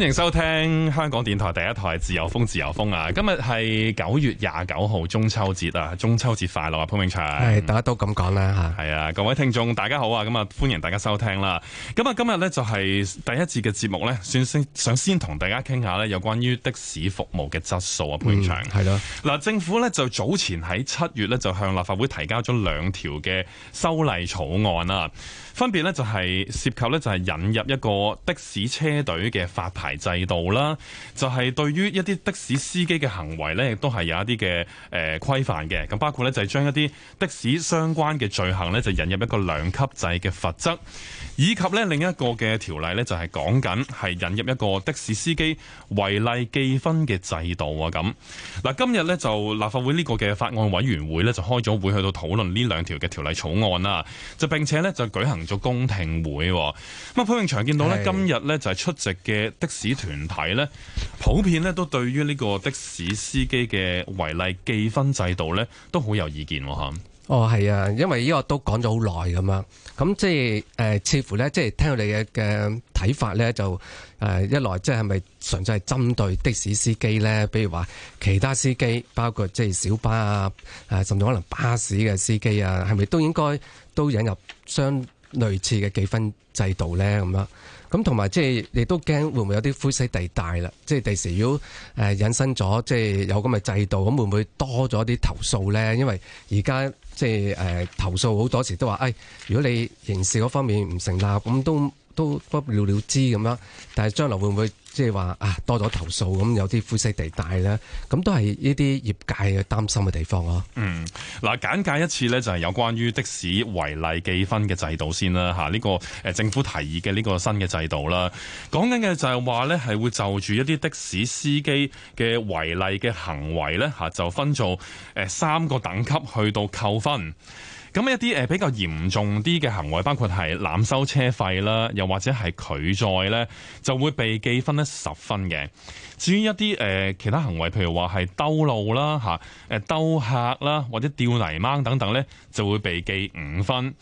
歡迎收聽香港電台第一台《自由風》，自由風啊！今日係九月廿九號，中秋節啊！中秋節快樂啊，潘永祥！係大家都咁講啦吓，係啊！各位聽眾大家好啊！咁啊，歡迎大家收聽啦！咁啊，今日咧就係第一節嘅節目咧，先先想先同大家傾下咧，有關於的士服務嘅質素啊，潘永祥係啦。嗱、嗯，政府咧就早前喺七月咧就向立法會提交咗兩條嘅修例草案啊。分別咧就係涉及咧就係引入一個的士車隊嘅發牌制度啦，就係、是、對於一啲的士司機嘅行為咧，亦都係有一啲嘅誒規範嘅。咁包括咧就係將一啲的士相關嘅罪行咧，就引入一個兩級制嘅罰則。以及咧另一個嘅條例咧，就係講緊係引入一個的士司機違例記分嘅制度喎，咁嗱今日呢，就立法會呢個嘅法案委員會呢，就開咗會去到討論呢兩條嘅條例草案啦，就並且呢，就舉行咗公聽會。咁啊潘永祥見到呢，今日呢，就係出席嘅的，的士團體呢，普遍呢，都對於呢個的士司機嘅違例記分制度呢，都好有意見嚇。哦，係啊，因為呢個都講咗好耐咁嘛。咁即係似乎咧，即、就、係、是、聽到你嘅嘅睇法咧，就誒、呃、一來即係係咪純粹係針對的士司機咧？比如話其他司機，包括即係小巴啊，誒、啊、甚至可能巴士嘅司機啊，係咪都應該都引入相類似嘅記分制度咧？咁啊、就是，咁同埋即係你都驚會唔會有啲灰色地帶啦？即係第時如果、呃、引申咗即係有咁嘅制度，咁會唔會多咗啲投訴咧？因為而家。即係誒、呃、投訴好多時都話誒、哎、如果你刑事嗰方面唔成立，咁都都不了了之咁樣。但係將來會唔會？即係話啊，多咗投訴咁，有啲灰色地帶啦，咁都係呢啲業界嘅擔心嘅地方咯、啊。嗯，嗱，簡介一次呢，就係有關於的士違例記分嘅制度先啦，呢、啊呢個政府提議嘅呢個新嘅制度啦。講緊嘅就係話呢，係會就住一啲的士司機嘅違例嘅行為呢、啊，就分做三個等級去到扣分。咁一啲誒比較嚴重啲嘅行為，包括係濫收車費啦，又或者係拒載咧，就會被記分咧十分嘅。至於一啲誒、呃、其他行為，譬如話係兜路啦、嚇、啊、兜客啦，或者釣泥鯭等等咧，就會被記五分。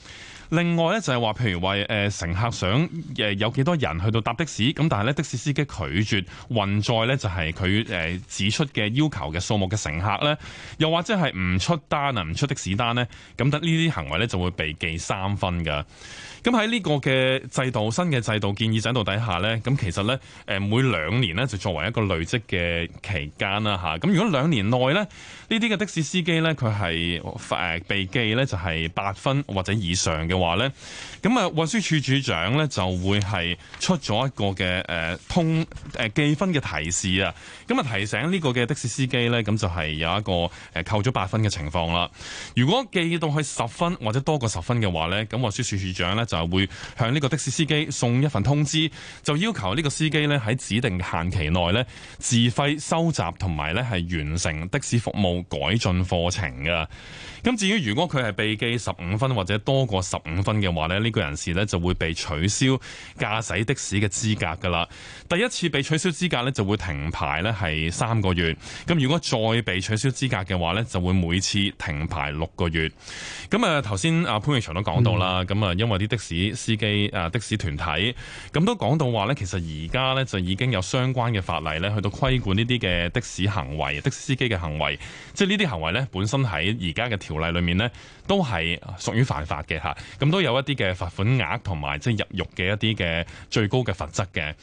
另外咧就係話，譬如話誒乘客想誒有幾多人去到搭的士，咁但係咧的士司機拒絕運載咧，就係佢誒指出嘅要求嘅數目嘅乘客咧，又或者係唔出單啊，唔出的士單咧，咁得呢啲行為咧就會被記三分噶咁喺呢個嘅制度，新嘅制度建議制度底下咧，咁其實咧誒每兩年咧就作為一個累積嘅期間啦吓。咁如果兩年內咧呢啲嘅的士司機咧佢係誒被記咧就係八分或者以上嘅。話呢，咁啊，運輸署署長呢就會係出咗一個嘅、誒、呃、通、誒記、呃、分嘅提示啊，咁啊提醒呢個嘅的士司機呢，咁就係有一個誒、呃、扣咗八分嘅情況啦。如果記到去十分或者多過十分嘅話呢，咁運輸署署長呢就會向呢個的士司機送一份通知，就要求呢個司機呢喺指定限期內呢，自費收集同埋呢係完成的士服務改進課程噶。咁至於如果佢係被記十五分或者多過十，五分嘅話咧，呢、這個人士咧就會被取消駕駛的士嘅資格噶啦。第一次被取消資格咧，就會停牌咧係三個月。咁如果再被取消資格嘅話咧，就會每次停牌六個月。咁啊，頭先阿潘永祥都講到啦，咁啊，因為啲的士司機啊，的士團體咁都講到話咧，其實而家咧就已經有相關嘅法例咧，去到規管呢啲嘅的士行為、的士司機嘅行為，即係呢啲行為咧本身喺而家嘅條例裏面咧。都係屬於犯法嘅嚇，咁都有一啲嘅罰款額同埋即係入獄嘅一啲嘅最高嘅罰則嘅。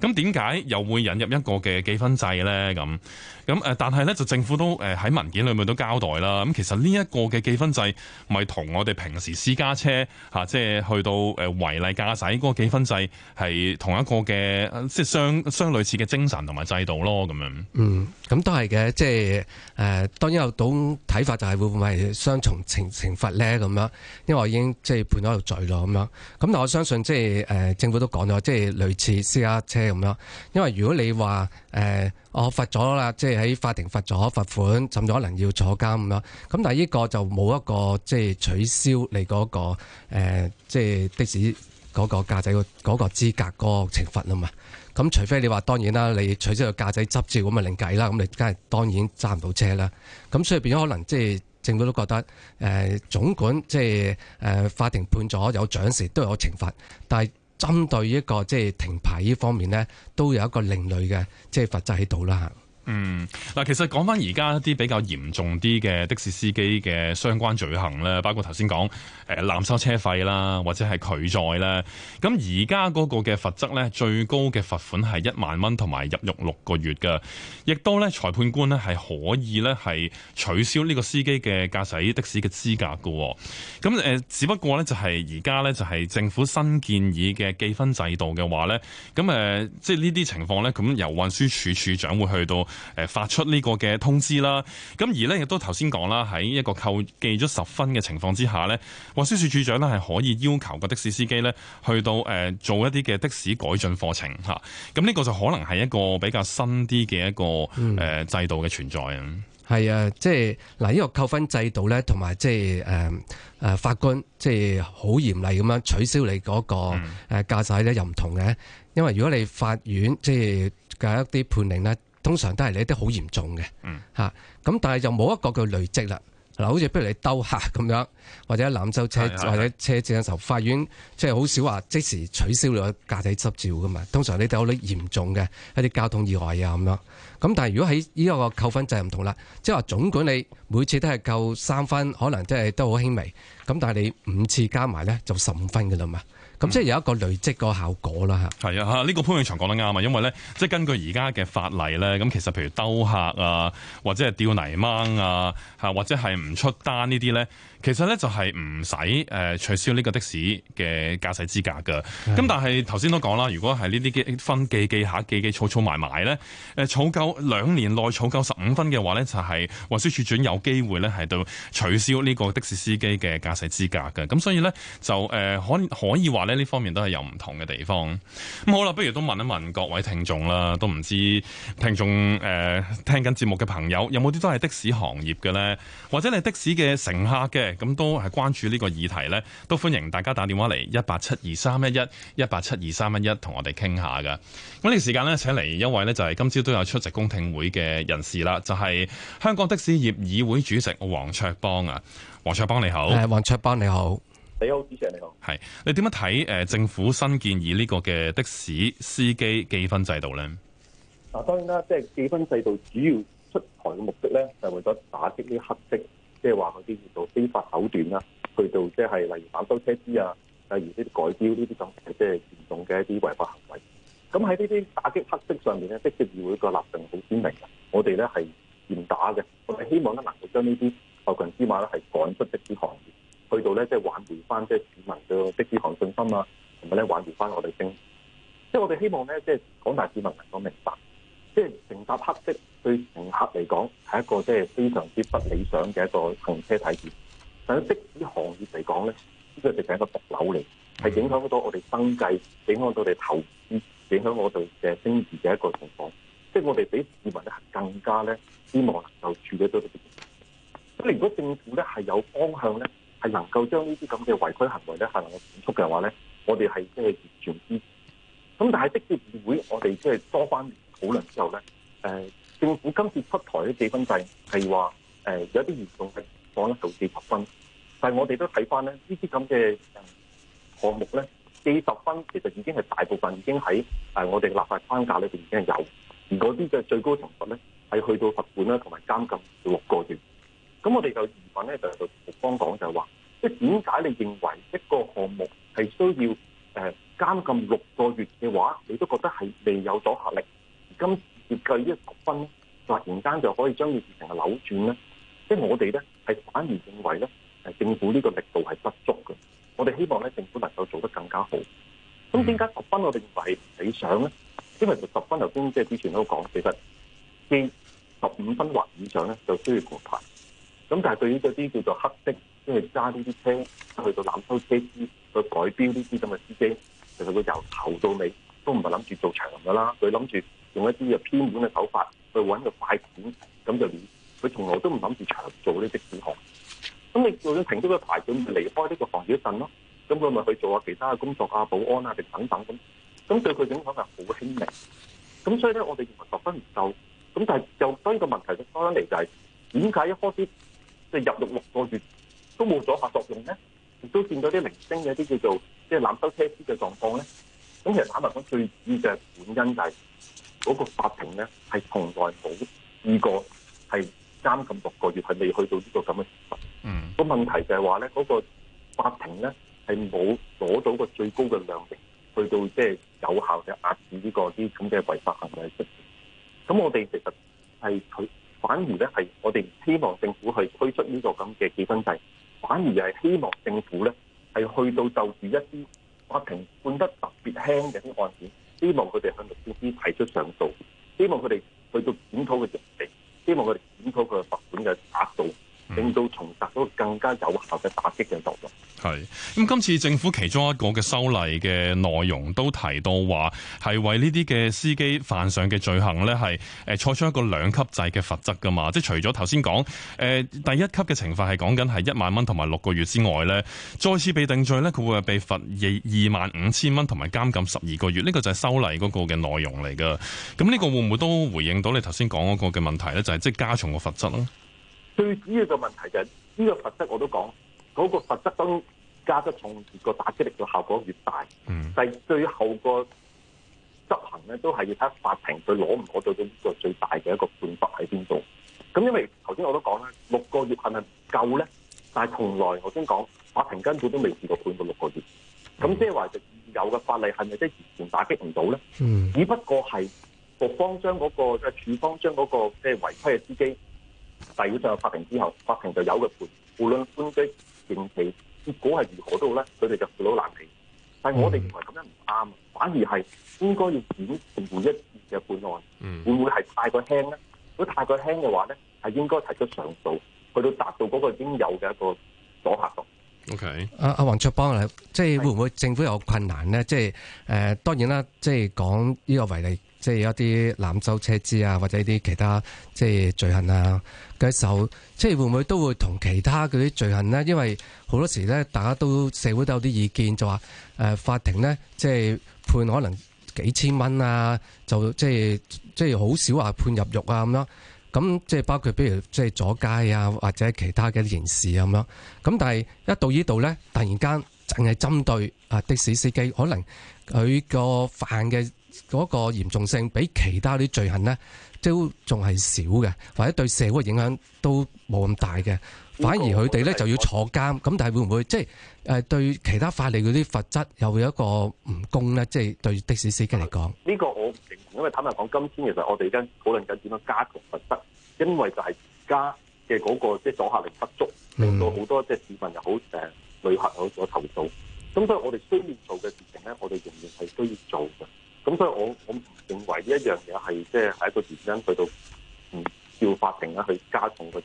咁點解又會引入一個嘅記分制咧？咁咁誒，但係咧就政府都誒喺文件裏面都交代啦。咁其實呢一個嘅記分制，咪同我哋平時私家車即係、嚇、去到誒違例駕駛嗰個記分制係同一個嘅，即係相相類似嘅精神同埋制度咯。咁樣嗯，咁、嗯、都係嘅，即係誒、呃，當然有到睇法就係會唔會係雙重懲懲罰咧？咁樣因為我已經即係判咗條罪咯。咁樣咁，但我相信即係、呃、政府都講咗，即係類似私家車。咁樣，因為如果你話誒、呃，我罰咗啦，即係喺法庭罰咗罰款，甚至可能要坐監咁樣。咁但係呢個就冇一個即係、就是、取消你嗰、那個誒，即、呃、係、就是、的士嗰個駕駛個嗰個資格嗰個懲罰啊嘛。咁除非你話當然啦，你取消個駕駛執照咁咪另計啦。咁你梗係當然揸唔到車啦。咁所以變咗可能即係、就是、政府都覺得誒、呃，總管即係誒，法庭判咗有獎時都有懲罰，但係。針對一個即係停牌呢方面咧，都有一個另類嘅即係罰則喺度啦吓。嗯，嗱，其實講翻而家一啲比較嚴重啲嘅的，的士司機嘅相關罪行咧，包括頭先講誒濫收車費啦，或者係拒載咧。咁而家嗰個嘅罰則咧，最高嘅罰款係一萬蚊，同埋入獄六個月噶，亦都咧，裁判官咧係可以咧係取消呢個司機嘅駕駛的士嘅資格噶。咁誒、呃，只不過咧就係而家咧就係、是、政府新建議嘅記分制度嘅話咧，咁誒、呃，即係呢啲情況咧，咁由運輸署署長會去到。誒，發出呢個嘅通知啦，咁而呢，亦都頭先講啦，喺一個扣記咗十分嘅情況之下呢，運輸署署長呢係可以要求個的士司機呢去到誒做一啲嘅的士改進課程吓，咁、啊、呢個就可能係一個比較新啲嘅一個誒、呃、制度嘅存在、嗯、啊。係、就、啊、是，即係嗱，呢個扣分制度呢，同埋即係誒誒法官即係好嚴厲咁樣取消你嗰個誒駕駛咧又唔同嘅，因為如果你法院即係嘅一啲判令呢。通常都係你啲好嚴重嘅，吓、嗯、咁但係就冇一個叫累積啦，嗱，好似不如你兜客咁樣，或者喺濫收車的或者車展嘅時候，法院即係好少話即時取消你個駕駛執照噶嘛。通常你都有啲嚴重嘅一啲交通意外啊咁樣。咁但係如果喺呢一個扣分制唔同啦，即係話總管你每次都係扣三分，可能即係都好輕微。咁但係你五次加埋咧就十五分嘅啦嘛。咁即係有一個累積個效果啦，嗯，嚇。係啊，呢個潘永祥講得啱啊，因為咧，即係根據而家嘅法例咧，咁其實譬如兜客啊，或者係釣泥鯭啊，或者係唔出單呢啲咧。其實咧就係唔使誒取消呢個的士嘅駕駛資格㗎。咁但係頭先都講啦，如果係呢啲分記記下記記儲儲埋埋咧，誒儲夠兩年內儲夠十五分嘅話咧，就係運輸署長有機會咧係到取消呢個的士司機嘅駕駛資格㗎。咁所以咧就誒可可以話咧呢方面都係有唔同嘅地方。咁好啦，不如都問一問各位聽眾啦，都唔知聽眾誒、呃、聽緊節目嘅朋友有冇啲都係的士行業嘅咧，或者你係的士嘅乘客嘅？咁都係關注呢個議題呢，都歡迎大家打電話嚟一八七二三一一一八七二三一一同我哋傾下噶。咁呢個時間呢，請嚟一位呢，就係今朝都有出席公聽會嘅人士啦，就係香港的士業議會主席黃卓邦啊。黃卓邦你好，誒黃卓邦你好，你好，主席你好，係你點樣睇誒政府新建議呢個嘅的士司機記分制度呢？嗱當然啦，即係記分制度主要出台嘅目的呢，就為咗打擊啲黑色。即係話佢啲做非法手段啦，啊，去到即係例如反修車資啊，例如呢啲改標呢啲咁嘅即係嚴重嘅一啲違法行為。咁喺呢啲打擊黑色上面咧，議會的確要一個立定好鮮明嘅。我哋咧係嚴打嘅，我哋希望咧能夠將呢啲害群之馬咧係趕出的士行業，去到咧即係挽回翻即係市民嘅的士行信心啊，同埋咧挽回翻我哋政，即係我哋希望咧即係廣大市民能夠明白。即、就、係、是、乘搭黑色對乘客嚟講係一個即係非常之不理想嘅一個行車體驗。但係即使行業嚟講咧，呢個就係一個毒瘤嚟，係影響到我哋生計，影響到我哋投資，影響我哋嘅生意嘅一個情況。即、就、係、是、我哋俾市民更加咧，希望能夠處理到。咁如果政府咧係有方向咧，係能夠將呢啲咁嘅違規行為咧，係能四分制係話，誒、呃、有一啲嚴重嘅房咧導四十分，但係我哋都睇翻咧呢啲咁嘅項目咧，四十分其實已經係大部分已經喺誒、呃、我哋立法框架裏邊已經係有，而嗰啲嘅最高層級咧。將呢事情嘅扭轉咧，即係我哋咧係反而認為咧，係政府呢個力度係不足嘅。我哋希望咧，政府能夠做得更加好。咁點解十分我哋認為理想咧？因為十分頭先即係之前都講，其實計十五分或以上咧就需要過牌。咁但係對於嗰啲叫做黑色，即係揸呢啲車去到攬收車資去改標呢啲咁嘅。工作啊、保安啊，定等等咁，咁對佢影響係好輕微，咁所以咧，我哋認為十分唔夠。咁但係又，所以個問題嘅多得嚟就係，點解一開始即係入獄六個月都冇阻下作用咧？亦都見到啲明星嘅啲叫做。令到重達到更加有效嘅打擊嘅作用。係咁，今次政府其中一個嘅修例嘅內容都提到話，係為呢啲嘅司機犯上嘅罪行咧，係誒採取一個兩級制嘅罰則噶嘛。即係除咗頭先講誒第一級嘅懲罰，係講緊係一萬蚊同埋六個月之外咧，再次被定罪咧，佢會係被罰二二萬五千蚊同埋監禁十二個月。呢、呢個就係修例嗰個嘅內容嚟噶。咁呢個會唔會都回應到你頭先講嗰個嘅問題咧？就係、是、即係加重個罰則啦。最主要嘅問題就係、是、呢、這個罰則，我都講嗰、那個罰則都加得重，個打擊力嘅效果越大，但、嗯、係最後個執行咧，都係要睇法庭佢攞唔攞到到呢個最大嘅一個判罰喺邊度。咁因為頭先我都講啦，六個月係咪夠咧？但係從來我先講法庭根本都未試過判過六個月。咁即係話，就現有嘅法例係咪即係完全打擊唔到咧？只不過係局方將嗰、那個即係、就是、處方將嗰個即係違規嘅司機。第二，上法庭之後，法庭就有嘅判，無論官嘅刑期結果係如何都好咧，佢哋就攞到難氣。但係我哋認為咁樣唔啱，反而係應該要展重判一次嘅判案。嗯、會唔會係太過輕咧？如果太過輕嘅話咧，係應該提出上訴，去到達到嗰個應有嘅一個阻嚇度。OK，阿阿黃卓邦你即係會唔會政府有困難咧？即係誒、呃，當然啦，即係講呢個為例。即係一啲濫收車資啊，或者啲其他即係罪行啊嘅時候，即係會唔會都會同其他嗰啲罪行呢？因為好多時咧，大家都社會都有啲意見，就話誒、呃、法庭呢，即係判可能幾千蚊啊，就即係即係好少話判入獄啊咁樣。咁即係包括譬如即係阻街啊，或者其他嘅刑事啊咁樣。咁但係一到，這到呢度咧，突然間淨係針對啊的士司機，可能佢個犯嘅。嗰個嚴重性比其他啲罪行咧，都仲係少嘅，或者對社會影響都冇咁大嘅。反而佢哋咧就要坐監。咁但係會唔會即係誒對其他法例嗰啲罰則又會有一個唔公咧？即係對的士司機嚟講，呢個我唔認同，因為坦白講，今天其實我哋而家討論緊點樣加強罰則，因為就係加嘅而家嘅嗰個即係阻嚇力不足，令到好多即係市民又好誒旅客有咗投訴。咁所以我哋需要做嘅事情咧，我哋仍然係需要做嘅。咁所以我我認為呢一樣嘢係即係喺一個原因去到嗯要法定咧去加重佢。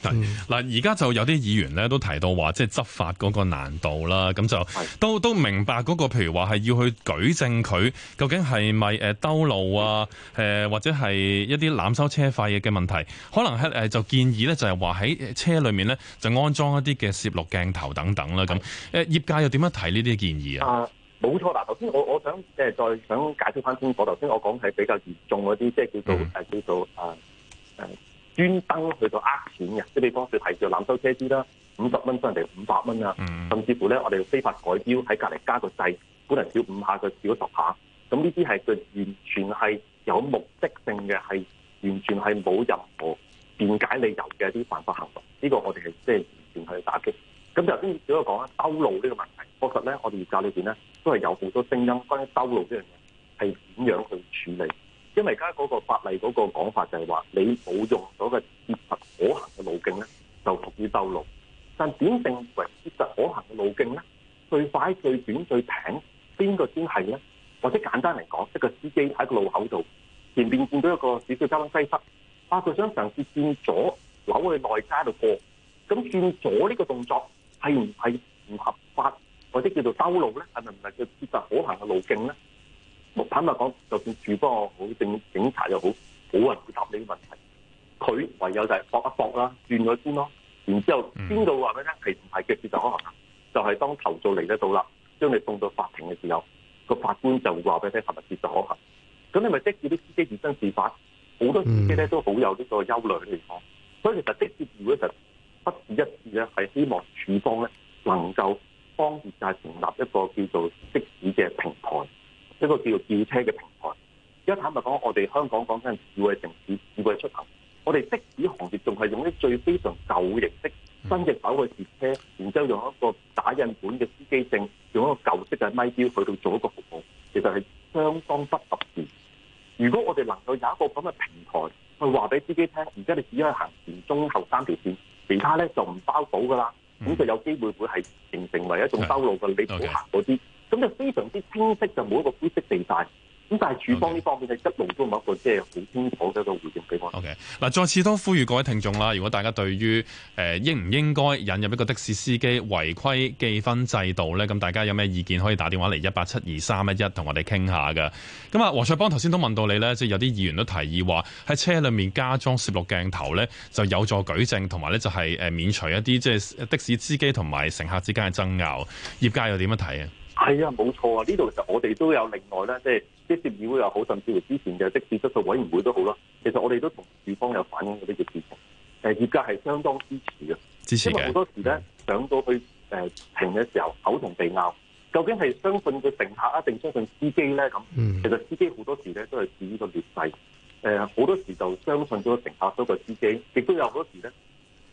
嗱，而家就有啲議員咧都提到話，即係執法嗰個難度啦。咁就都都明白嗰個譬如話係要去舉證佢究竟係咪誒兜路啊，誒、呃、或者係一啲濫收車費嘅問題，可能、呃、就建議咧就係話喺車裡面咧就安裝一啲嘅攝錄鏡頭等等啦。咁誒、呃、業界又點樣睇呢啲建議啊？冇錯，嗱，頭先我我想即係、呃、再想解釋翻清楚，頭先我講係比較嚴重嗰啲，即係叫做、mm. 叫做啊誒專登去到呃錢嘅，即係比方講佢係叫濫收車資啦，五十蚊收人哋五百蚊啊，mm. 甚至乎咧我哋非法改錶喺隔離加個掣，本嚟少五下佢少十下，咁呢啲係佢完全係有目的性嘅，係完全係冇任何辯解理由嘅一啲犯法行為，呢、呢個我哋係即係完全去打擊。咁頭先只可以講啦，兜路呢個問題，確實咧，我哋業界裏邊咧都係有好多聲音關於兜路呢樣嘢係點樣去處理。因為而家嗰個法例嗰個講法就係話，你冇用咗嘅切實可行嘅路徑咧，就屬於兜路。但點定為切實可行嘅路徑咧？最快、最短、最平，邊個先係咧？或者簡單嚟講，一個司機喺個路口度前面見到一個，少少交通西塞，啊，佢想嘗試轉左扭去內街度過，咁轉左呢個動作，係唔係唔合法或者叫做兜路咧？係咪唔係個切實可行嘅路徑咧？坦白講，就算署方又好，警、警察又好，冇人回答你問題。佢唯有就係搏一搏啦，轉咗先咯。然之後邊度話俾你聽？係唔係嘅切實可行？就係、是、當投訴嚟得到啦，將你送到法庭嘅時候，個法官就會話俾你聽係咪切實可行。咁你咪逼住啲司機以身試法。好多司機咧都好有呢個優良嘅地方。所以其實接的住。唔好就。不止一次咧，係希望處方咧能夠幫業界成立一個叫做的士嘅平台，一個叫做叫車嘅平台。而家坦白講，我哋香港講緊智慧城市智慧出行，我哋的士行業仲係用啲最非常舊型式，新嘅式嗰個叫車，然之後用一個打印本嘅司機證，用一個舊式嘅咪錶去到做一個服務，其實係相當不合時。如果我哋能夠有一個咁嘅平台去話俾司機聽，而家你只可以行前中後三條線。其他咧就唔包保噶啦，咁就有機會會係形成為一種兜路嘅，你唔好行嗰啲，咁、okay. 就非常之清晰就冇一個灰色地帶。咁但係主方呢方面，佢、okay. 一路都冇一、就是、一個即係好清楚得到回應俾我 O K. 嗱，okay. 再次都呼籲各位聽眾啦，如果大家對於誒、呃、應唔應該引入一個的士司機違規記分制度咧，咁大家有咩意見可以打電話嚟一八七二三一一，同我哋傾下㗎。咁啊，黃卓邦頭先都問到你咧，即、就、係、是、有啲議員都提議話喺車裡面加裝攝錄鏡頭咧，就有助舉證同埋咧就係誒免除一啲即係的士司機同埋乘客之間嘅爭拗，業界又點樣睇啊？係啊，冇錯啊，呢度其實我哋都有另外咧，即係。即業議會又好，甚至乎之前嘅的士質素委員會都好啦。其實我哋都同業方有反映過呢嘅事情。誒，業界係相當支持嘅，因為好多時咧，上到去誒停嘅時候，口同鼻拗，究竟係相信個乘客，呀定相信司機咧咁。嗯、其實司機好多時咧都係處於個劣勢。誒，好多時就相信咗乘客多過司機，亦都有好多時咧，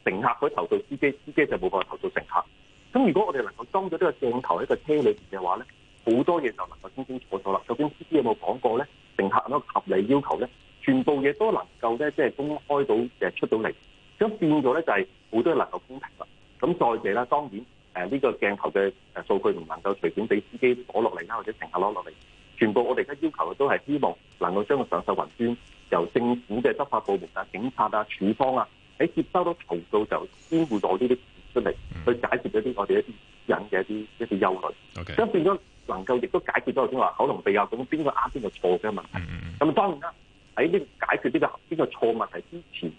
乘客可以投訴司機，司機就冇辦法投訴乘客。咁如果我哋能夠裝咗呢個鏡頭喺個車裏邊嘅話咧，好多嘢就能夠清清楚楚啦。究竟司機有冇講過咧？乘客咁合理要求咧，全部嘢都能夠咧，即係公開到誒出到嚟，咁變咗咧就係好多嘢能夠公平啦。咁再者啦，當然呢、呃呢個鏡頭嘅誒、呃、數據唔能夠隨便俾司機攞落嚟啦，或者乘客攞落嚟。全部我哋而家要求嘅都係希望能夠將個上訴雲端由政府嘅執法部門啊、警察啊、處方啊喺接收到投訴就先會攞呢啲出嚟、嗯、去解決一啲我哋一啲人嘅一啲一啲憂慮。咁、okay. 變咗。能夠亦都解決咗，即係話口同鼻拗咁，邊個啱邊個錯嘅問題。咁、嗯嗯、當然啦，喺呢解決呢個邊個錯問題之前，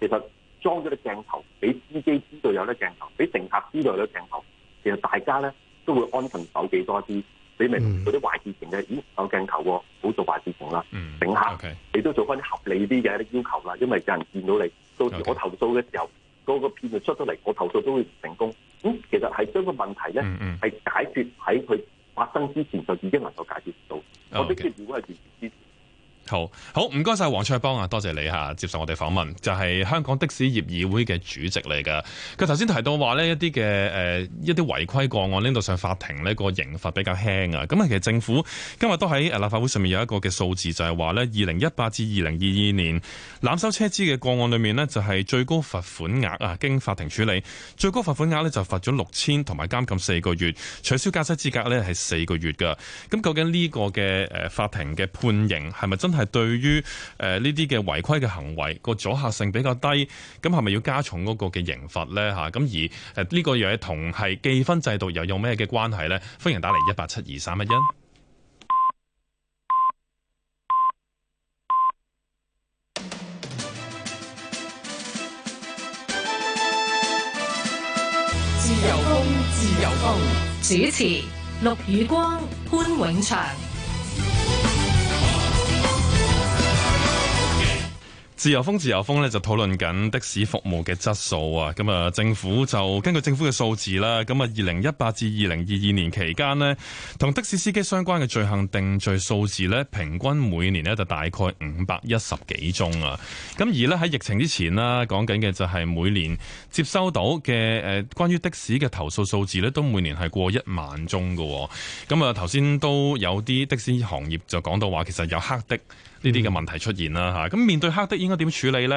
其實裝咗啲鏡頭，俾司機知道有啲鏡頭，俾乘客知道有啲鏡頭，其實大家咧都會安分守己多啲、嗯。你明唔明啲壞事情嘅？咦，有鏡頭喎、哦，唔好做壞事情啦。乘、嗯、客、okay. 你都做翻啲合理啲嘅要求啦，因為有人見到你，okay. 到時我投訴嘅時候，嗰、那個片就出咗嚟，我投訴都會成功。咁、嗯、其實係將個問題咧，係、嗯、解決喺佢。發生之前就已經能夠解決到。我的確如果係。好唔該晒，黃卓邦啊，多謝你吓接受我哋訪問，就係、是、香港的士業議會嘅主席嚟噶。佢頭先提到話呢一啲嘅、呃、一啲違規個案拎到上法庭呢個刑罰比較輕啊。咁啊，其實政府今日都喺立法會上面有一個嘅數字，就係話呢：「二零一八至二零二二年濫收車資嘅個案裏面呢，就係最高罰款額啊，經法庭處理最高罰款額呢就罰咗六千同埋監禁四個月，取消駕駛資格呢係四個月噶。咁究竟呢個嘅法庭嘅判刑係咪真係？係對於誒呢啲嘅違規嘅行為，個阻嚇性比較低，咁係咪要加重嗰個嘅刑罰咧？吓、啊、咁而誒呢個嘢同係記分制度又有咩嘅關係咧？歡迎打嚟一八七二三一一。自由風，自由風，主持陸宇光、潘永祥。自由風自由風咧就討論緊的士服務嘅質素啊！咁啊，政府就根據政府嘅數字啦，咁啊，二零一八至二零二二年期間呢，同的士司機相關嘅罪行定罪數字呢，平均每年呢就大概五百一十幾宗啊！咁而呢，喺疫情之前啦，講緊嘅就係每年接收到嘅誒關於的士嘅投訴數字呢，都每年係過一萬宗喎。咁啊，頭先都有啲的士行業就講到話，其實有黑的。呢啲嘅問題出現啦嚇咁、嗯、面對黑的應該點處理呢？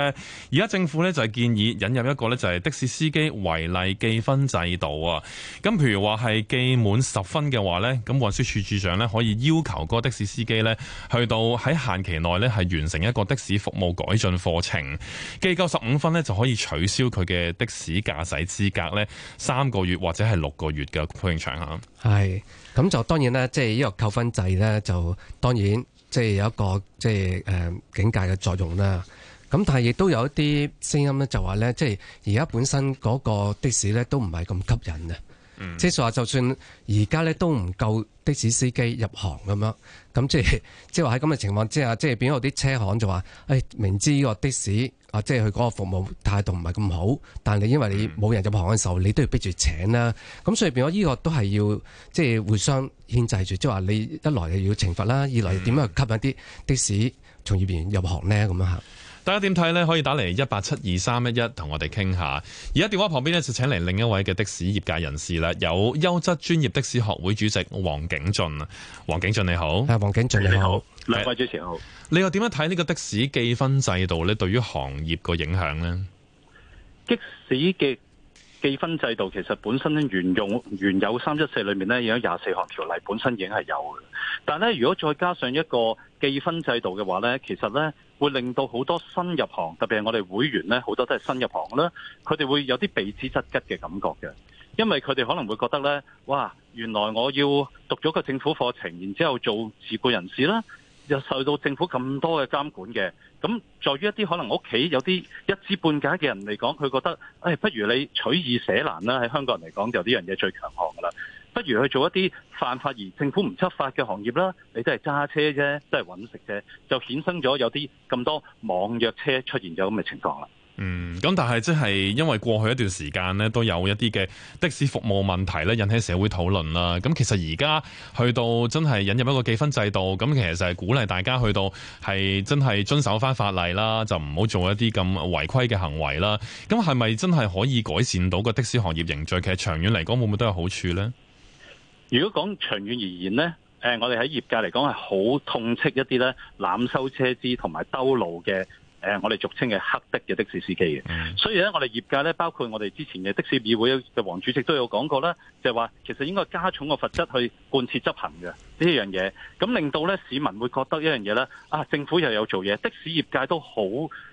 而家政府呢，就係建議引入一個呢，就係的士司機違例記分制度啊。咁譬如話係記滿十分嘅話呢，咁運輸處處長呢，可以要求個的士司機呢，去到喺限期內呢，係完成一個的士服務改進課程。記夠十五分呢，就可以取消佢嘅的，的士駕駛資格呢，三個月或者係六個月嘅判刑嚇。係，咁就當然啦，即係呢個扣分制呢，就當然。即係有一個即係誒、呃、警戒嘅作用啦，咁但係亦都有一啲聲音咧，就話咧，即係而家本身嗰個的士咧都唔係咁吸引、嗯、即係話就算而家咧都唔夠的士司機入行咁樣，咁即係即係話喺咁嘅情況之下，即係變咗有啲車行就話，誒、哎、明知呢個的士。啊，即係佢嗰個服務態度唔係咁好，但係你因為你冇人入行嘅時候，你都要逼住請啦。咁所以變咗呢個都係要即係互相牽制住，即係話你一來就要懲罰啦，二來點樣去吸引啲的士從業員入行咧？咁樣嚇。大家點睇呢？可以打嚟，一八七二三一一同我哋傾下。而家電話旁邊呢，就請嚟另一位嘅的，的士業界人士啦，有優質專業的士學會主席黃景俊。黃景俊你好，係黃景俊你好，兩位主持好。你又點樣睇呢個的士記分制度呢？對於行業個影響呢？的士嘅記分制度其實本身呢，原用原有三一四裏面呢，有廿四項條例本身已經係有嘅，但係呢，如果再加上一個記分制度嘅話呢，其實呢。會令到好多新入行，特別係我哋會員呢，好多都係新入行啦。佢哋會有啲避之則吉嘅感覺嘅，因為佢哋可能會覺得呢：「哇，原來我要讀咗個政府課程，然之後做自雇人士啦，又受到政府咁多嘅監管嘅，咁在於一啲可能屋企有啲一知半解嘅人嚟講，佢覺得，誒、哎，不如你取易捨難啦，喺香港人嚟講，就呢樣嘢最強項噶啦。不如去做一啲犯法而政府唔執法嘅行業啦。你都係揸車啫，都係揾食啫，就衍生咗有啲咁多網約車出現咗咁嘅情況啦。嗯，咁但係即係因為過去一段時間咧，都有一啲嘅的，的士服務問題咧，引起社會討論啦。咁、嗯、其實而家去到真係引入一個記分制度，咁、嗯、其實就係鼓勵大家去到係真係遵守翻法例啦，就唔好做一啲咁違規嘅行為啦。咁係咪真係可以改善到個的士行業形象？其實長遠嚟講會唔會都有好處咧？如果講長遠而言咧，誒，我哋喺業界嚟講係好痛斥一啲咧濫收車資同埋兜路嘅。誒，我哋俗稱嘅黑的嘅的士司機嘅，所以咧，我哋業界咧，包括我哋之前嘅的、的士議會嘅黃主席都有講過啦，就係話其實應該加重個罰則去貫徹執行嘅呢一樣嘢，咁令到咧市民會覺得一樣嘢咧，啊，政府又有做嘢，的士業界都好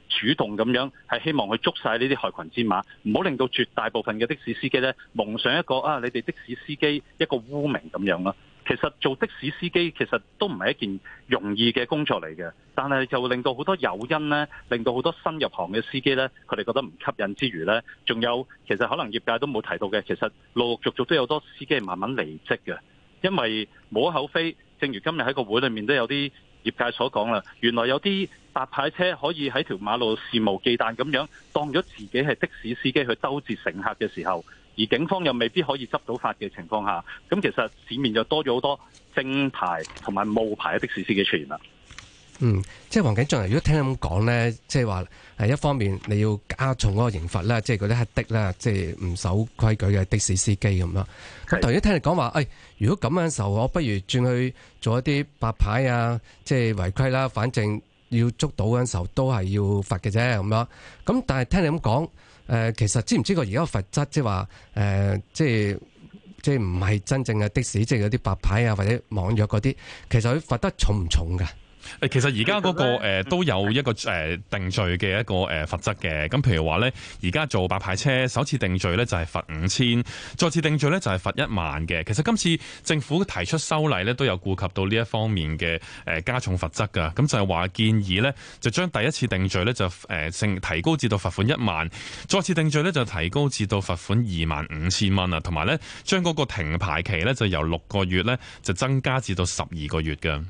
主動咁樣，係希望去捉晒呢啲害群之馬，唔好令到絕大部分嘅的士司機咧蒙上一個啊，你哋的士司機一個污名咁樣咯。其實做的士司機其實都唔係一件容易嘅工作嚟嘅，但係就令到好多誘因呢，令到好多新入行嘅司機呢，佢哋覺得唔吸引之餘呢，仲有其實可能業界都冇提到嘅，其實陸陸續續都有多司機慢慢離職嘅，因為無可厚非。正如今日喺個會裏面都有啲業界所講啦，原來有啲白牌車可以喺條馬路肆無忌憚咁樣當咗自己係的士司機去兜截乘客嘅時候。而警方又未必可以執到法嘅情況下，咁其實市面就多咗好多正牌同埋冒牌的士司機出現啦。嗯，即係黃景俊，如果聽你咁講咧，即係話係一方面你要加重嗰個刑罰啦，即係嗰啲黑的啦，即係唔守規矩嘅的士司機咁啦。咁頭先聽你講話，誒，如果咁樣嘅時候，我不如轉去做一啲白牌啊，即係違規啦，反正要捉到嘅時候都係要罰嘅啫咁啦。咁但係聽你咁講。呃、其實知唔知個而家罰則，呃、即係話即唔係真正嘅的，的士，即係嗰啲白牌呀或者網約嗰啲，其實佢罰得重唔重㗎？誒，其實而家嗰個誒、呃，都有一個誒、呃、定罪嘅一個誒罰則嘅。咁、呃、譬如話咧，而家做白牌車，首次定罪咧就係罰五千，再次定罪咧就係罰一萬嘅。其實今次政府提出修例咧，都有顧及到呢一方面嘅誒、呃、加重罰則噶。咁就係話建議咧，就將第一次定罪咧就誒成、呃、提高至到罰款一萬，再次定罪咧就提高至到罰款二萬五千蚊啊。同埋咧，將嗰個停牌期咧就由六個月咧就增加至到十二個月嘅。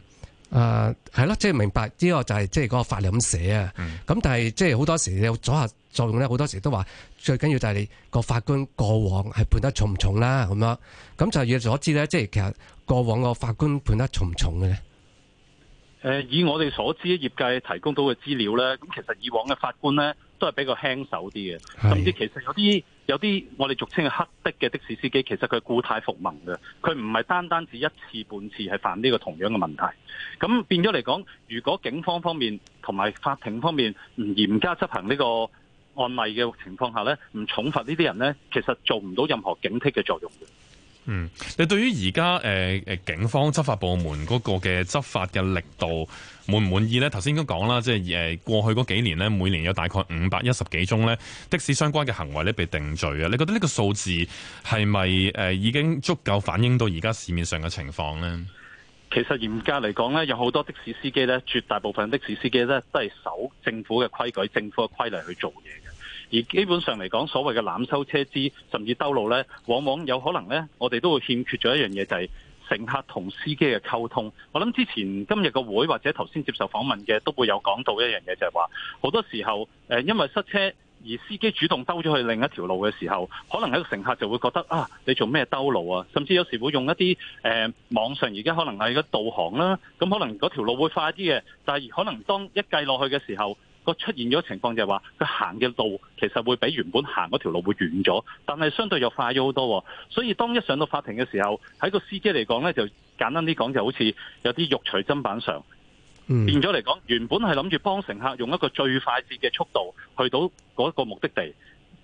誒，係咯，即係明白呢個就係即係嗰個法律咁寫啊。咁、嗯、但係即係好多時有阻嚇作用咧，好多時都話最緊要就係個法官過往係判得重唔重啦。咁樣咁就要所知咧，即係其實過往個法官判得重唔重嘅咧？誒，以我哋所知，業界提供到嘅資料咧，咁其實以往嘅法官咧都係比較輕手啲嘅，甚至其實有啲。有啲我哋俗稱嘅黑的嘅的士司機，其實佢係固態復萌嘅，佢唔係單單止一次半次係犯呢個同樣嘅問題。咁變咗嚟講，如果警方方面同埋法庭方面唔嚴格執行呢個案例嘅情況下呢，唔重罰呢啲人呢，其實做唔到任何警惕嘅作用。嗯，你對於而家、呃、警方執法部門嗰個嘅執法嘅力度滿唔滿意呢？頭先應該講啦，即係誒過去嗰幾年呢，每年有大概五百一十幾宗呢的士相關嘅行為呢被定罪啊！你覺得呢個數字係咪、呃、已經足夠反映到而家市面上嘅情況呢？其實嚴格嚟講呢，有好多的士司機呢，絕大部分的，的士司機呢，都係守政府嘅規矩、政府嘅規例去做嘢。而基本上嚟講所謂嘅濫收車資甚至兜路咧，往往有可能咧，我哋都會欠缺咗一樣嘢，就係、是、乘客同司機嘅溝通。我諗之前今日個會或者頭先接受訪問嘅都會有講到一樣嘢，就係話好多時候誒，因為塞車而司機主動兜咗去另一條路嘅時候，可能一個乘客就會覺得啊，你做咩兜路啊？甚至有時候會用一啲誒、呃、網上而家可能係個導航啦、啊，咁可能嗰條路會快啲嘅，但係可能當一計落去嘅時候。出現咗情況就係話，佢行嘅路其實會比原本行嗰條路會遠咗，但係相對又快咗好多。所以當一上到法庭嘅時候，喺個司機嚟講呢，就簡單啲講，就好似有啲肉喺砧板上，變咗嚟講，原本係諗住幫乘客用一個最快捷嘅速度去到嗰個目的地。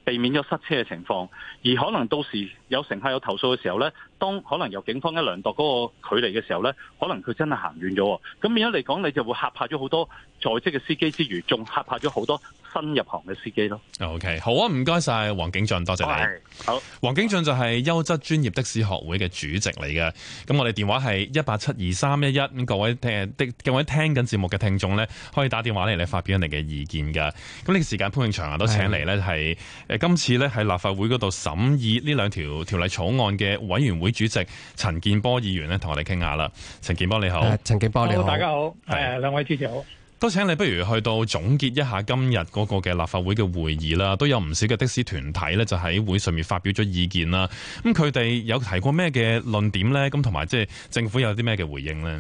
避免咗塞車嘅情況，而可能到時有乘客有投訴嘅時候呢，當可能由警方一兩度嗰個距離嘅時候呢，可能佢真係行遠咗喎。咁變咗嚟講，你就會嚇怕咗好多在職嘅司機之餘，仲嚇怕咗好多新入行嘅司機咯。OK，好啊，唔該晒。黃景俊，多謝你。Okay，好，黃景俊就係優質專業的士學會嘅主席嚟嘅。咁我哋電話係一八七二三一一，咁、呃、各位聽各位聽緊節目嘅聽眾呢，可以打電話嚟咧發表你嘅意見噶。咁呢個時間潘永祥啊，都請嚟呢，係誒今次呢，喺立法會嗰度審議呢兩條條例草案嘅委員會主席陳健波議員呢，同我哋傾下啦。陳健波你好、呃，陳健波你好，大家好，係兩位主持好。都請你不如去到總結一下今日嗰個嘅立法會嘅會議啦，都有唔少嘅的、的士團體咧就喺會上面發表咗意見啦。咁佢哋有提過咩嘅論點咧？咁同埋即係政府有啲咩嘅回應咧？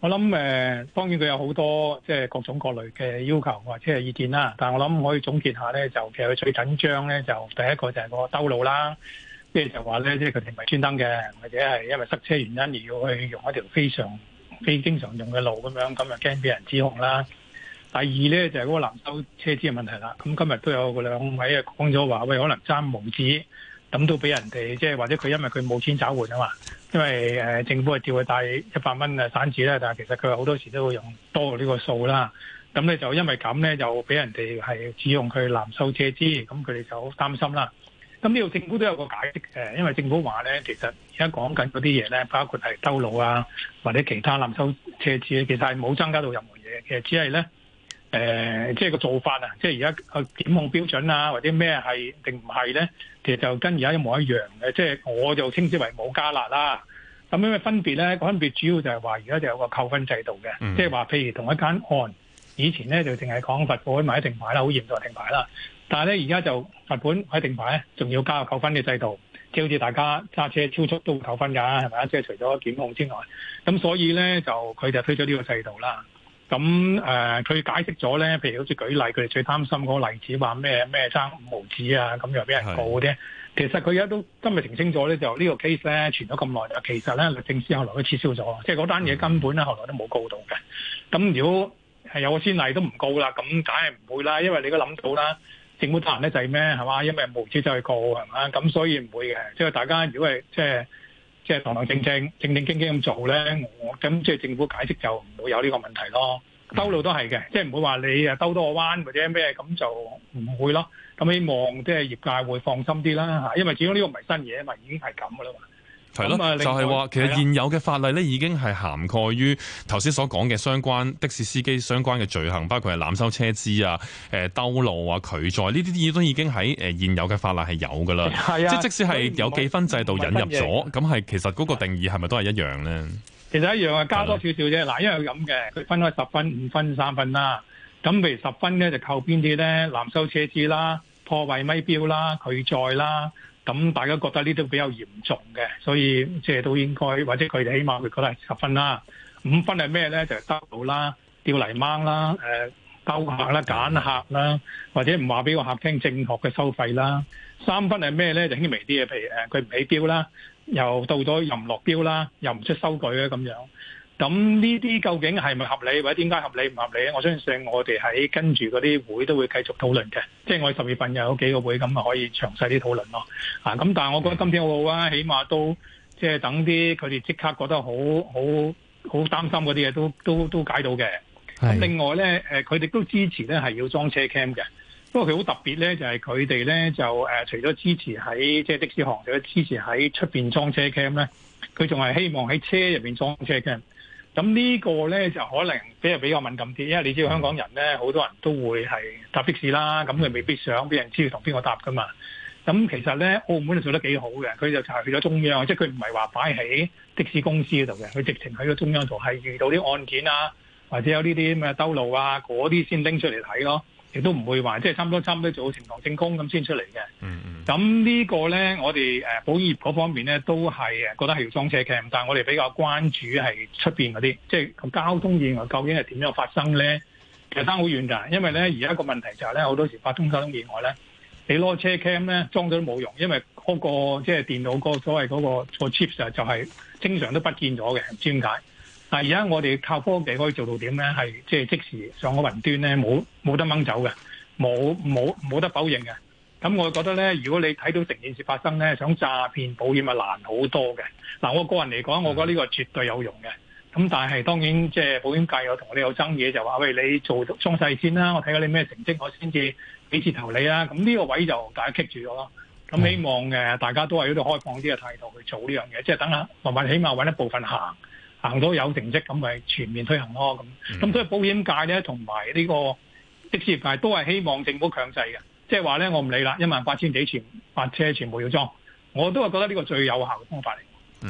我諗誒、呃，當然佢有好多即係、就是、各種各類嘅要求或者意見啦。但係我諗可以總結下咧，就其實佢最緊張咧，就第一個就係個兜路啦，即係就話咧，即係佢哋唔係專登嘅，或者係因為塞車原因而要去用一條非常。非經常用嘅路咁樣，咁啊驚俾人指控啦。第二呢，就係、是、嗰個濫收車資嘅問題啦。咁今日都有嗰兩位啊講咗話，喂，可能爭毫子，咁都俾人哋即係或者佢因為佢冇錢找換啊嘛。因為誒、呃、政府係叫佢帶一百蚊啊散紙咧，但係其實佢好多時都會用多過呢個數啦。咁咧就因為咁呢，就俾人哋係指控佢濫收車資，咁佢哋就好擔心啦。咁呢度政府都有個解釋嘅，因為政府話咧，其實而家講緊嗰啲嘢咧，包括係兜路啊，或者其他濫收車資，其實係冇增加到任何嘢嘅，其實只係咧誒，即係個做法啊，即係而家檢控標準啊，或者咩係定唔係咧？其實就跟而家一模一樣嘅，即係我就稱之為冇加辣啦。咁樣嘅分別咧，分別主要就係話而家就有個扣分制度嘅，即係話譬如同一間案，以前咧就淨係講罰款，或者停牌啦，好嚴重停牌啦。但係咧，而家就罰款喺停牌咧，仲要加個扣分嘅制度，即係好似大家揸車超速都會扣分㗎，係咪啊？即、就、係、是、除咗檢控之外，咁所以咧就佢就推咗呢個制度啦。咁誒，佢、呃、解釋咗咧，譬如好似舉例，佢哋最擔心嗰個例子話咩咩爭五毫紙啊，咁又俾人告啲。其實佢而家都今日澄清咗咧，就、這個、呢個 case 咧傳咗咁耐，其實咧律政司後來都撤銷咗、嗯，即係嗰單嘢根本咧後來都冇告到嘅。咁如果係有個先例都唔告啦，咁梗係唔會啦，因為你都諗到啦。政府彈人咧就係咩係嘛，因為無始就去告，係嘛，咁所以唔會嘅。即係大家如果係即係即係堂堂正正、正正經經咁做咧，我咁即係政府解釋就唔會有呢個問題咯，兜路都係嘅，即係唔會話你誒兜多個彎或者咩咁就唔會咯，咁希望即係業界會放心啲啦吓，因為始終呢個唔係新嘢啊嘛，已經係咁嘅啦嘛。係咯，就係、是、話其實現有嘅法例咧，已經係涵蓋於頭先所講嘅相關的士司機相關嘅罪行，包括係濫收車資啊、誒、呃、兜路啊、拒載呢啲，嘢，都已經喺誒現有嘅法例係有㗎啦。係啊，即即使係有記分制度引入咗，咁係其實嗰個定義係咪都係一樣咧？其實一樣啊，加多少少啫。嗱，因為咁嘅，佢分開十分、五分、三分啦。咁譬如十分咧，就扣邊啲咧？濫收車資啦、破壞咪標啦、拒載啦。咁大家覺得呢都比較嚴重嘅，所以即係都應該或者佢哋起碼佢覺得係十分啦。五分係咩咧？就係兜路啦、釣泥鯭啦、誒兜客啦、揀客啦，或者唔話俾個客聽正確嘅收費啦。三分係咩咧？就輕微啲嘅，譬如誒佢唔起錶啦，又到咗又唔落錶啦，又唔出收據啦，咁樣。咁呢啲究竟係咪合理，或者點解合理唔合理咧？我相信我哋喺跟住嗰啲會都會繼續討論嘅，即係我哋十月份又有幾個會，咁啊可以詳細啲討論咯。啊，咁但係我覺得今天好好啊，起碼都即係等啲佢哋即刻覺得好好好擔心嗰啲嘢，都都都解到嘅。咁另外咧，誒佢哋都支持咧，係要裝車 cam 嘅。不過佢好特別咧，就係佢哋咧就誒除咗支持喺即係的士行，就支持喺出面裝車 cam 咧，佢仲係希望喺車入邊裝車 cam。咁呢個呢，就可能即係比較敏感啲，因為你知道香港人呢，好、嗯、多人都會係搭的士啦，咁佢未必想俾人知佢同邊個搭噶嘛。咁其實呢，澳門就做得幾好嘅，佢就查去咗中央，即係佢唔係話擺喺的士公司嗰度嘅，佢直情喺咗中央度係遇到啲案件啊，或者有呢啲咩兜路啊嗰啲先拎出嚟睇咯。亦都唔會話，即係差唔多，差唔多做好成堂正工咁先出嚟嘅。咁、mm -hmm. 呢個咧，我哋誒保險業嗰方面咧，都係覺得係要裝車 cam，但係我哋比較關注係出邊嗰啲，即係交通意外究竟係點樣發生咧？其實爭好遠㗎，因為咧而家個問題就係、是、咧，好多時發生交通意外咧，你攞車 cam 咧裝咗都冇用，因為嗰、那個即係、就是、電腦嗰個所謂嗰、那個個 chip 就係、是、正常都不見咗嘅，唔知點解？而家我哋靠科技可以做到點咧？係即係即時上咗雲端咧，冇冇得掹走嘅，冇冇冇得否認嘅。咁我覺得咧，如果你睇到成件事發生咧，想詐騙保險啊，難好多嘅。嗱，我個人嚟講，我覺得呢個絕對有用嘅。咁但係當然即係保險界有同你有爭議，就話喂，你做裝勢先啦，我睇下你咩成績，我先至幾次投你啦、啊。咁呢個位就大家棘住咗咯。咁希望誒、呃、大家都係喺度開放啲嘅態度去做呢樣嘢，即係等下慢慢起碼揾一部分行。行到有成績咁咪全面推行咯，咁、嗯、咁所以保險界咧，同埋呢個的士業界都係希望政府強制嘅，即係話咧，我唔理啦，一萬八千幾錢發車全部要裝，我都係覺得呢個最有效嘅方法嚟。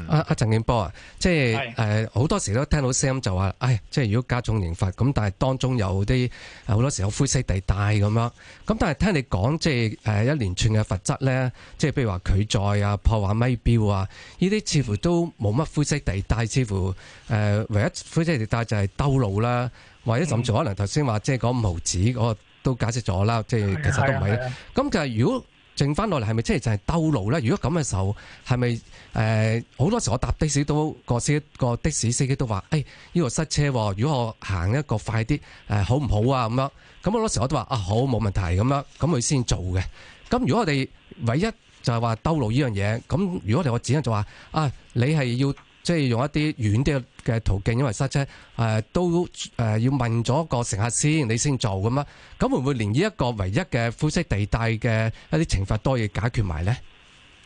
阿阿陳健波啊，即係誒，好、呃、多時候都聽到 Sam 就話，唉，即係如果加重刑罰咁，但係當中有啲，好多時候有灰色地帶咁樣。咁但係聽你講，即係誒、呃、一連串嘅罰則咧，即係譬如話拒載啊、破壞咪錶啊，呢啲似乎都冇乜灰色地帶，似乎誒、呃、唯一灰色地帶就係兜路啦，或者甚至可能頭先話即係嗰五毫紙，我都解釋咗啦，即係其實都唔係。咁就係如果。剩翻落嚟係咪即係就係兜路咧？如果咁嘅時候係咪誒，好多時我搭的士都個司個的士司機都話：誒呢度塞車，如果我行一個快啲誒、呃、好唔好啊？咁樣咁好多時我都話：啊，好冇問題，咁樣咁佢先做嘅。咁如果我哋唯一就係話兜路呢樣嘢，咁如果我哋我只係就話啊，你係要。即係用一啲遠啲嘅途徑，因為塞車，誒都誒要問咗個乘客先，你先做咁啊？咁會唔會連呢一個唯一嘅灰色地帶嘅一啲懲罰多嘢解決埋咧？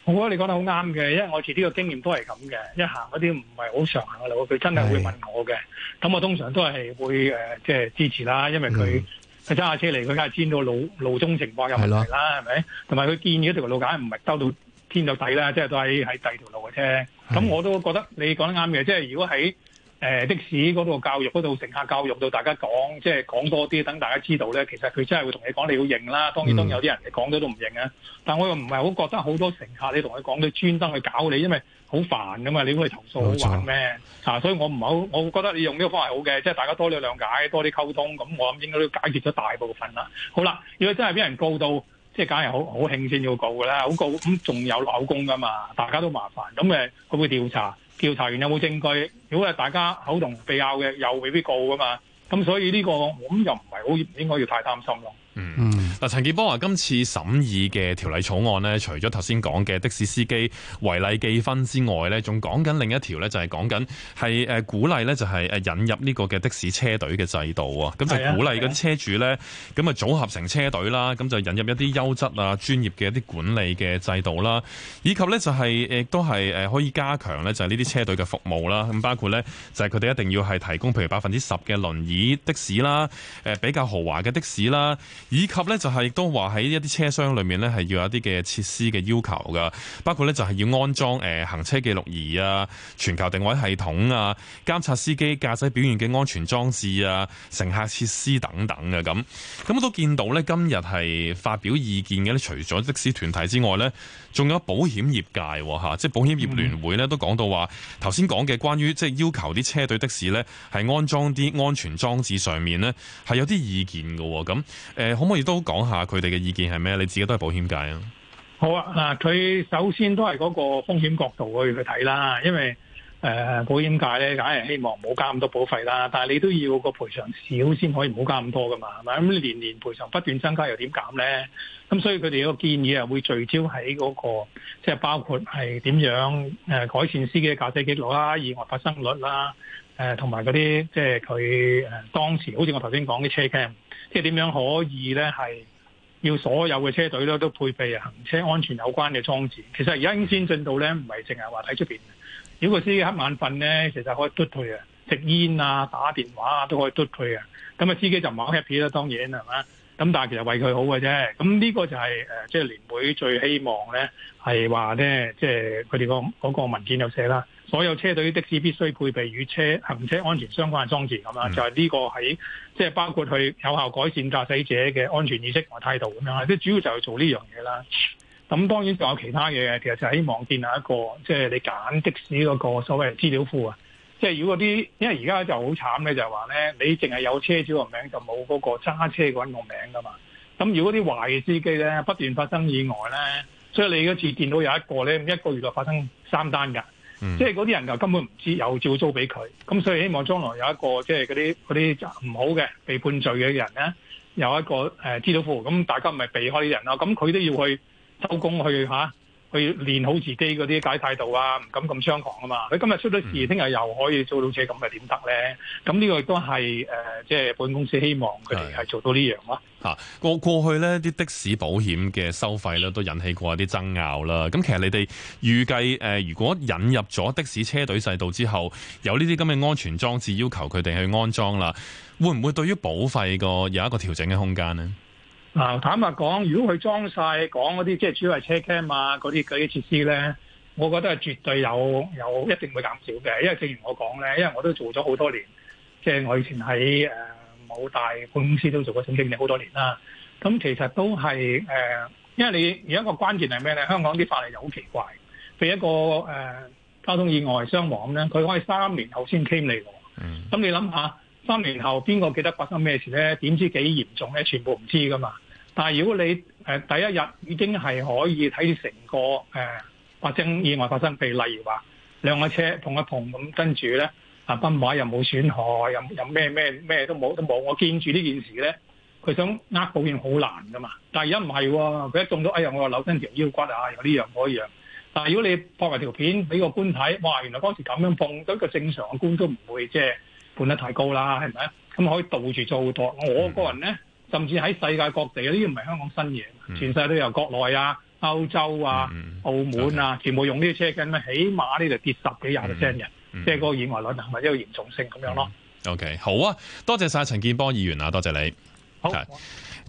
我覺得你講得好啱嘅，因為我哋呢個經驗都係咁嘅，一行嗰啲唔係好常行嘅路，佢真係會問我嘅。咁我通常都係會誒，即係支持啦，因為佢佢揸下車嚟，佢梗係知到路路中情況有問題啦，係咪？同埋佢見嗰條路梗係唔係兜到天就底啦，即係都喺喺第二條路嘅車。咁我都覺得你講得啱嘅，即係如果喺誒的士嗰度教育嗰度乘客教育到大家講，即係講多啲，等大家知道咧，其實佢真係會同你講你要認啦。當然當然有啲人你講咗都唔認啊。但我又唔係好覺得好多乘客你同佢講你專登去搞你，因為好煩噶嘛，你去投訴好煩咩？啊，所以我唔係好，我覺得你用呢個方法係好嘅，即係大家多啲諒解，多啲溝通，咁我諗應該都解決咗大部分啦。好啦，如果真係俾人告到。即係梗係好好興先要告噶啦，好告咁仲有口供噶嘛，大家都麻煩咁誒，佢會調查，調查完有冇證據？如果係大家口同鼻拗嘅，又未必告噶嘛，咁所以呢個我諗又唔係好應該要太擔心咯。嗯。嗱，陳健波話：今次審議嘅條例草案呢，除咗頭先講嘅的士司機違例記分之外呢，仲講緊另一條呢，就係講緊係鼓勵呢，就係引入呢個嘅的士車隊嘅制度啊。咁就、啊、鼓勵嗰啲車主呢，咁啊組合成車隊啦，咁就引入一啲優質啊、專業嘅一啲管理嘅制度啦，以及呢就係誒都係可以加強呢，就係呢啲車隊嘅服務啦。咁包括呢，就係佢哋一定要係提供，譬如百分之十嘅輪椅的士啦，誒比較豪華嘅的，的士啦，以及呢，就係亦都話喺一啲車廂裏面咧，係要有一啲嘅設施嘅要求噶，包括咧就係要安裝誒行車記錄儀啊、全球定位系統啊、監察司機駕駛表現嘅安全裝置啊、乘客設施等等嘅咁。咁我都見到咧，今日係發表意見嘅咧，除咗的士團體之外咧，仲有保險業界吓，即係保險業聯會咧都講到話，頭先講嘅關於即係要求啲車隊的士咧係安裝啲安全裝置上面咧，係有啲意見嘅咁。誒，可唔可以都講？講下佢哋嘅意見係咩？你自己都係保險界啊。好啊，嗱，佢首先都係嗰個風險角度去去睇啦。因為誒、呃，保險界咧梗係希望唔好加咁多保費啦。但係你都要個賠償少先可以唔好加咁多噶嘛，係、嗯、嘛。咁年年賠償不斷增加又點減咧？咁所以佢哋個建議啊，會聚焦喺嗰、嗰個，即係包括係點樣誒改善司機嘅駕駛記錄啦、意外發生率啦，誒同埋嗰啲即係佢誒當時，好似我頭先講啲車 cam。即係點樣可以咧？係要所有嘅車隊咧都配備啊行車安全有關嘅裝置。其實而家已經先進到咧，唔係淨係話喺出邊。如果司機瞌眼瞓咧，其實可以嘟佢啊，食煙啊、打電話啊都可以嘟佢啊。咁啊，司機就唔係好 happy 啦，當然係嘛。咁但係其實為佢好嘅啫。咁呢個就係、是、誒，即係聯會最希望咧，係話咧，即係佢哋個嗰、那個文件有寫啦。所有車隊的士必須配備與車行車安全相關嘅裝置。咁啊，就係呢個喺即係包括去有效改善駕駛者嘅安全意識同態度，咁樣即係主要就係做呢樣嘢啦。咁當然仲有其他嘢，其實就係希望建立一個即係你揀的士嗰個所謂資料庫啊。即係如果啲因為而家就好慘咧，就係話咧你淨係有車主個名就冇嗰個揸車嗰個人個名噶嘛。咁如果啲壞嘅司機咧不斷發生意外咧，所以你嗰次見到有一個咧一個月就發生三單嘅。嗯、即係嗰啲人就根本唔知，有照租俾佢。咁所以希望將來有一個即係嗰啲啲唔好嘅被判罪嘅人咧，有一個誒、呃、資料庫，咁大家咪避開啲人咯。咁佢都要去收工去吓。啊去練好自己嗰啲解態度啊，唔敢咁猖狂啊嘛！佢今日出咗事，聽、嗯、日又可以做到車咁，咪點得咧？咁呢個亦都係、呃、即係本公司希望佢哋係做到呢樣咯。嚇、啊、過去呢啲的士保險嘅收費咧都引起過一啲爭拗啦。咁其實你哋預計、呃、如果引入咗的士車隊制度之後，有呢啲咁嘅安全裝置要求佢哋去安裝啦，會唔會對於保費個有一個調整嘅空間呢？嗱、啊，坦白講，如果佢裝曬講嗰啲，即係主要係車 cam 啊，嗰啲嗰啲設施咧，我覺得係絕對有有一定會減少嘅。因為正如我講咧，因為我都做咗好多年，即係我以前喺誒某大本公司都做過總經理好多年啦。咁其實都係誒、呃，因為你而家個關鍵係咩咧？香港啲法例就好奇怪，譬如一個誒、呃、交通意外傷亡呢，咧，佢可以三年後先 claim 你喎。嗯。咁、嗯、你諗下？三年後邊個記得發生咩事咧？點知幾嚴重咧？全部唔知噶嘛。但如果你第一日已經係可以睇成個誒發生意外發生被，例如話兩個車碰一碰咁跟住咧，啊不又冇損害，又又咩咩咩都冇都冇。我見住呢件事咧，佢想呃保險好難噶嘛。但係而家唔係，佢一中到哎呀，我話扭親條腰骨啊，又呢樣嗰樣。但如果你拍埋條片俾個官睇，哇，原來當時咁樣碰到，一個正常嘅官都唔會即判得太高啦，係咪？咁可以倒住做多。我個人咧，甚至喺世界各地，呢啲唔係香港新嘢，全世界都有國內啊、歐洲啊、嗯、澳門啊，okay. 全部用呢啲車跟咧，起碼呢度跌十幾廿 percent 嘅，即係嗰個意外率係咪一個嚴重性咁樣咯、嗯。OK，好啊，多謝晒陳健波議員啊，多謝你。好。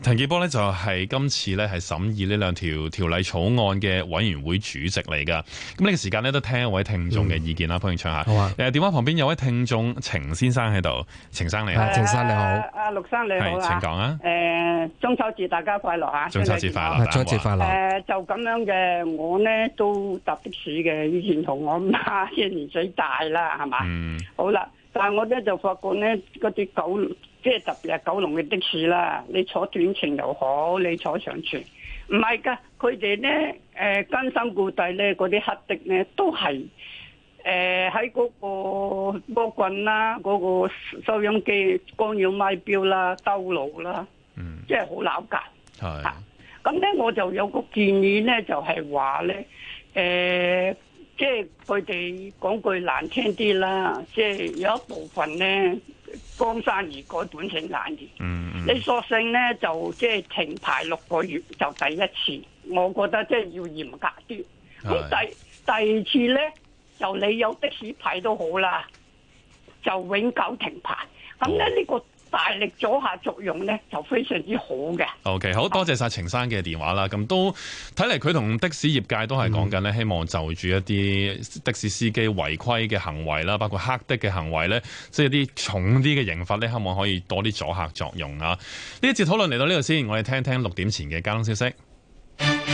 陳健波咧就係今次咧係審議呢兩條條例草案嘅委員會主席嚟噶。咁呢個時間咧都聽一位聽眾嘅意見啦、嗯，歡迎唱下。好啊。誒、呃，電話旁邊有位聽眾程先生喺度，程生，、呃呃、生你好，程、呃、生你好。阿陸生你好。請講啊。誒、呃，中秋節大家快樂啊！中秋節快樂、啊。中秋節快樂。誒、嗯呃，就咁樣嘅，我呢都特別鼠嘅，以前同我媽一年水大啦，係嘛、嗯？好啦、啊，但係我咧就發覺呢嗰啲狗。即係特別係九龍嘅的，的士啦，你坐短程又好，你坐長程，唔係噶，佢哋咧誒根深蒂固咧，嗰啲黑的咧都係誒喺嗰個波棍啦，嗰，嗰個收音機，光耀咪表啦，兜路啦，嗯，即係好扭格，係啊，咁咧我就有個建議咧，就係話咧誒。呃即係佢哋講句難聽啲啦，即係有一部分咧，江山易改本性難移。嗯、mm -hmm.，你索性咧就即係停牌六個月，就第一次，我覺得即係要嚴格啲。咁、mm -hmm. 第第二次咧，就你有的士牌都好啦，就永久停牌。咁咧呢個。大力阻嚇作用咧，就非常之好嘅。OK，好多謝晒程生嘅電話啦。咁都睇嚟，佢同的士業界都係講緊咧，希望就住一啲的士司機違規嘅行為啦，包括黑的嘅行為咧，即係啲重啲嘅刑罰咧，希望可以多啲阻嚇作用啊！呢一節討論嚟到呢度先，我哋聽聽六點前嘅交通消息。